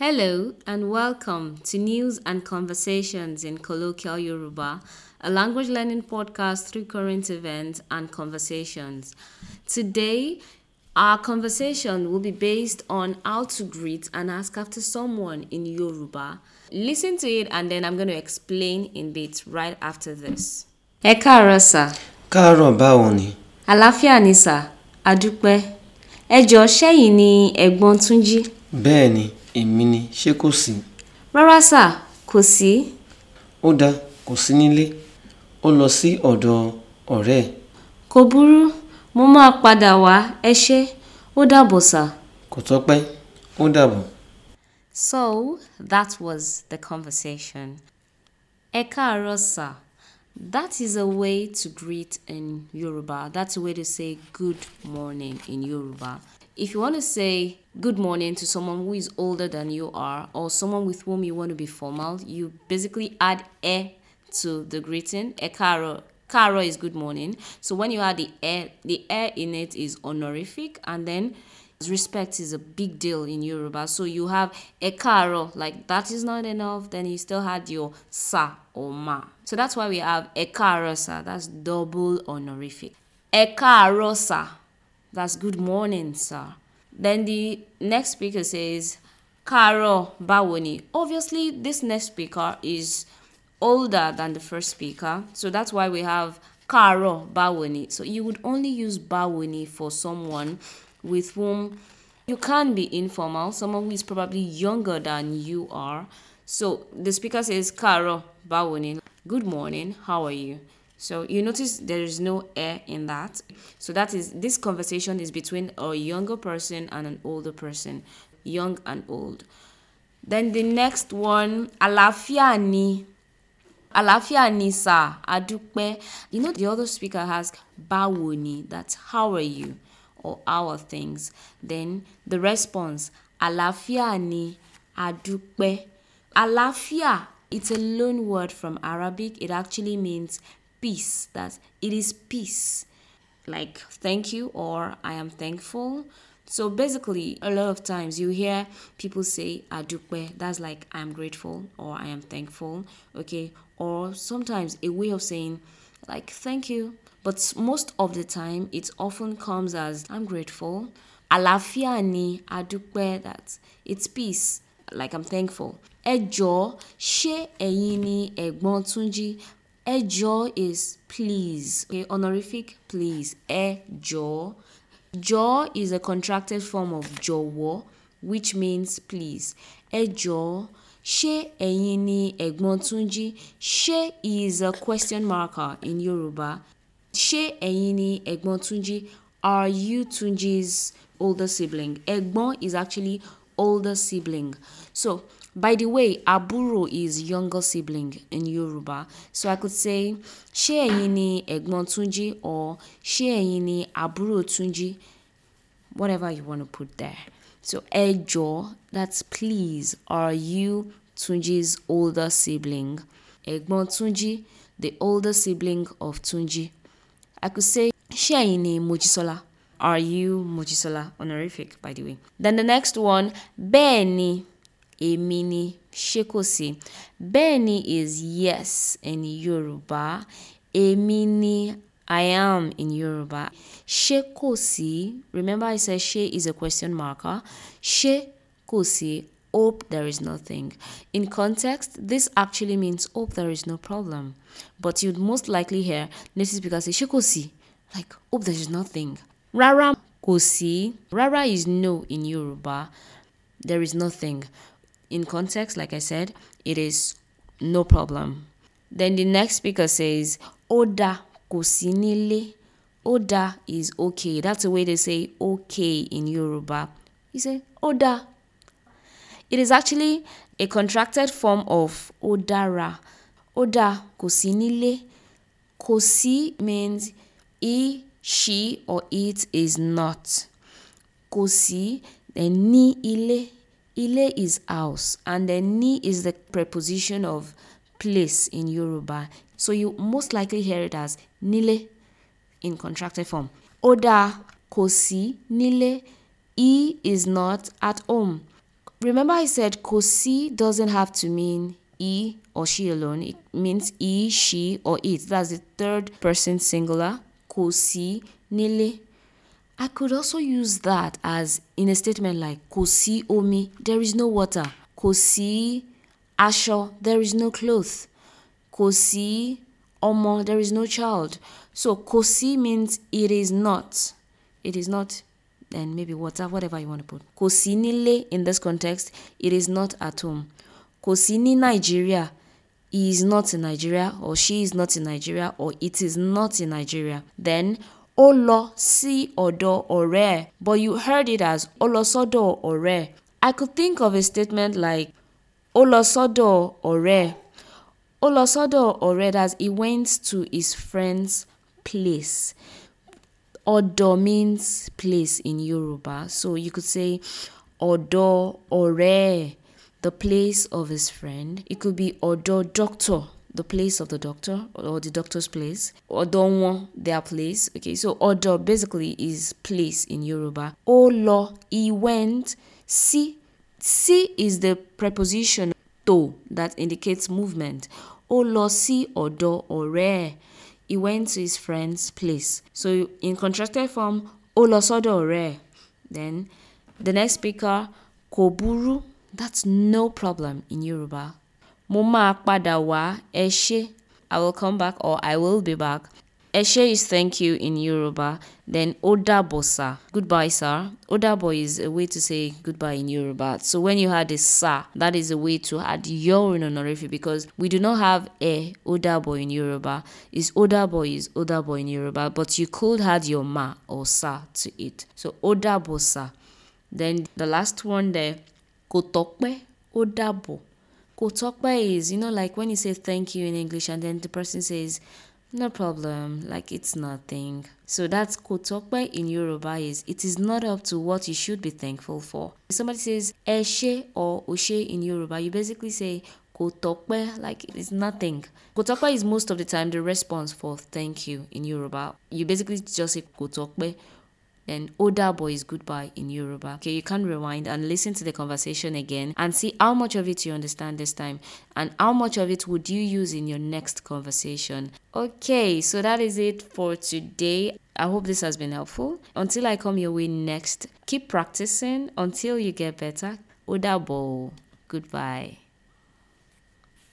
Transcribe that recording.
Hello and welcome to News and Conversations in Colloquial Yoruba, a language learning podcast through current events and conversations. Today, our conversation will be based on how to greet and ask after someone in Yoruba. Listen to it and then I'm going to explain in bits right after this. Eka káàárọ̀ Karo Káàárọ̀ báwo ni? Àlàáfíà ni sà, àdúpẹ́. Ejo jọ̀ọ́ ẹ̀gbọ́n Túnjí. Bẹ́ẹ̀ni. Èmi ni, ṣé kò sí? Rárá sà, kò sí. Ó dáa, kò sí nílé. Ó lọ sí ọ̀dọ̀ ọ̀rẹ́ ẹ̀. Kò burú, mo máa padà wá ẹ ṣé. Ó dàbọ̀ sà. Kò tọ́pẹ́, ó dàbọ̀. So that was the conversation. Ẹ káàárọ̀ sà. That is a way to greet in Yoruba. That's a way to say good morning in Yoruba. If you want to say good morning to someone who is older than you are or someone with whom you want to be formal, you basically add e to the greeting. E caro. Caro is good morning. So when you add the e, the e in it is honorific and then respect is a big deal in Yoruba. So you have a caro, like that is not enough. Then you still had your sa or ma. So that's why we have a caro sa. That's double honorific. A caro sa. That's good morning, sir. Then the next speaker says, Caro Bawoni. Obviously, this next speaker is older than the first speaker, so that's why we have Caro Bawoni. So you would only use Bawoni for someone with whom you can be informal, someone who is probably younger than you are. So the speaker says, Caro Bawoni, good morning, how are you? So you notice there is no air in that. So that is this conversation is between a younger person and an older person, young and old. Then the next one, alafia ni. alafia ni sà, adúpẹ́. You know the other speaker has bauni. that's how are you or how are things. Then the response, alafia ni, adúpẹ́. Alafia. it's a loan word from Arabic. It actually means peace. That it is peace, like thank you or I am thankful. So basically, a lot of times you hear people say adupe, that's like I'm grateful or I am thankful, okay? Or sometimes a way of saying like thank you. But most of the time, it often comes as I'm grateful. Alafia ni adupe, that it's peace, like I'm thankful. Ẹjọ́ she ẹ̀yin ni ẹ̀gbọ́n Túnjí Ẹjọ́ is please. Okay, honorific please. Ẹjọ́. Jọ is a contracted form of jọ̀wọ́, which means please. Ẹjọ́. she ẹ̀yin ẹ̀gbọ́n Túnjí? is a question marker in Yoruba. She ẹ̀yin ni ẹ̀gbọ́n Túnjí? Are you Tunji's older sibling? Ẹ̀gbọ́n is actually older sibling. So, by the way, àbúrò is younger sibling in Yoruba. So I could say, ṣé ẹ̀yin ni ẹ̀gbọ́n Túnjí or ṣé ẹ̀yin ni àbúrò Túnjí? Whatever you want to put there. So ẹ that's please, are you Tunji's older sibling? Egmon Túnjí, the older sibling of Tunji. I could say, ṣé ni Mojísọ́lá? Are you Mojisola honorific, by the way? Then the next one, beni. Èmi Shekose. Bẹ́ẹ̀ni is yes in Yoruba. Èmi I am in Yoruba. sí Remember I said she is a question marker. sí Hope there is nothing. In context, this actually means hope there is no problem. But you'd most likely hear this is because it's sí Like hope there is nothing. Rara Kosi. Rara is no in Yoruba. There is nothing in context, like I said, it is no problem. Then the next speaker says, Oda kosinile. Oda is okay. That's the way they say okay in Yoruba. You say Oda. It is actually a contracted form of Odara. Oda kosinile. Kosi means he, she, or it is not. Kosi, then ni ile Ile is house, and then ni is the preposition of place in Yoruba. So you most likely hear it as nile in contracted form. Oda kosi nile. E is not at home. Remember, I said kosi doesn't have to mean e or she alone. It means e, she, or it. That's the third person singular. Kosi nile. I could also use that as in a statement like Kosi omi, there is no water. Kosi asho, there is no cloth. Kosi omo, there is no child. So kosi means it is not. It is not and maybe water, whatever you want to put. Kosi nile in this context, it is not at home. Kosi ni Nigeria, he is not in Nigeria or she is not in Nigeria or it is not in Nigeria. Then ó lọ sí ọ̀dọ̀ ọ̀rẹ́ ẹ̀ but you heard it as ó lọ sọ́dọ̀ ọ̀rẹ́ ẹ̀. I could think of a statement like ó lọ sọ́dọ̀ ọ̀rẹ́ ẹ̀. ó lọ sọ́dọ̀ ọ̀rẹ́ as he went to his friend's place. Ọ̀dọ̀ means place in Yoruba. So you could say ọ̀dọ̀ ọ̀rẹ́, the place of his friend. It could be ọ̀dọ̀ doctor, the place of the doctor or the doctor's place, or want their place. Okay, so order basically is place in Yoruba. Olo, he went. Si, si is the preposition to that indicates movement. Olo si Odo ore. He went to his friend's place. So in contracted form, Olo sodo ore. Then the next speaker, Koburu. That's no problem in Yoruba. Mo máa padà wá, ẹ ṣé. I will come back or I will be back. Ẹ ṣé is thank you in Yoruba. Then ó dàbọ̀ Goodbye sir. Ó dàbọ̀ is a way to say goodbye in Yoruba. So when you add a sa, that is a way to add your in honorific because we do not have a ó dàbọ̀ in Yoruba. Is ó dàbọ̀ is ó dàbọ̀ in Yoruba, but you could add your ma or sa to it. So ó dàbọ̀ Then the last one there, kò tọ́pẹ́, ó dàbọ̀. Kotokba is, you know, like when you say thank you in English and then the person says, no problem, like it's nothing. So that's Kotokba in Yoruba is, it is not up to what you should be thankful for. If somebody says Eshe or Oshe in Yoruba, you basically say Kotokpe, like it's nothing. Kotokpe is most of the time the response for thank you in Yoruba. You basically just say Kotokpe then boy is goodbye in Yoruba. Okay, you can rewind and listen to the conversation again and see how much of it you understand this time and how much of it would you use in your next conversation. Okay, so that is it for today. I hope this has been helpful. Until I come your way next, keep practicing until you get better. boy, Goodbye.